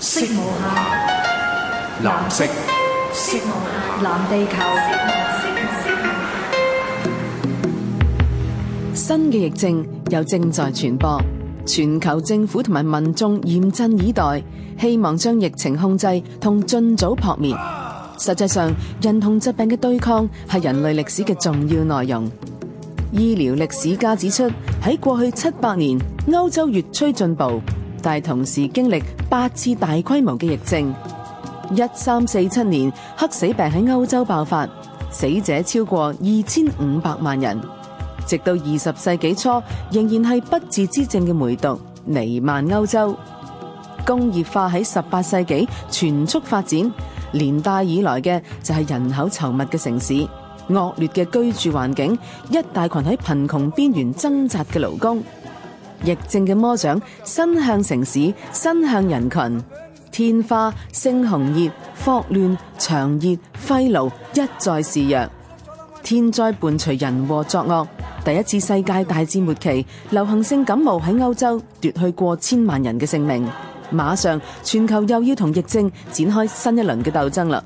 色無限，藍色。色無限，藍地球。新嘅疫症又正在傳播，全球政府同埋民眾嚴陣以待，希望將疫情控制同盡早撲滅。實際上，人同疾病嘅對抗係人類歷史嘅重要內容。醫療歷史家指出，喺過去七百年，歐洲越趨進步。但同時經歷八次大規模嘅疫症，一三四七年黑死病喺歐洲爆發，死者超過二千五百萬人。直到二十世紀初，仍然係不治之症嘅梅毒彌漫歐洲。工業化喺十八世紀全速發展，連帶而來嘅就係人口稠密嘅城市，惡劣嘅居住環境，一大群喺貧窮邊緣掙扎嘅勞工。疫症嘅魔掌伸向城市，伸向人群。天花、猩紅熱、霍亂、腸熱、肺癆一再示弱。天災伴隨人禍作惡。第一次世界大戰末期，流行性感冒喺歐洲奪去過千萬人嘅性命。馬上全球又要同疫症展開新一輪嘅鬥爭啦。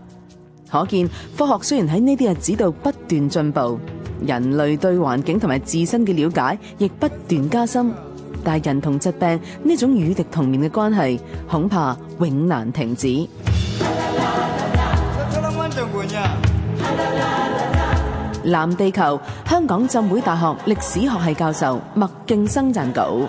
可見科學雖然喺呢啲日子度不斷進步，人類對環境同埋自身嘅了解亦不斷加深。大人同疾病呢種與敵同眠嘅關係，恐怕永難停止。藍地球，香港浸會大學歷史學系教授麥勁生撰稿。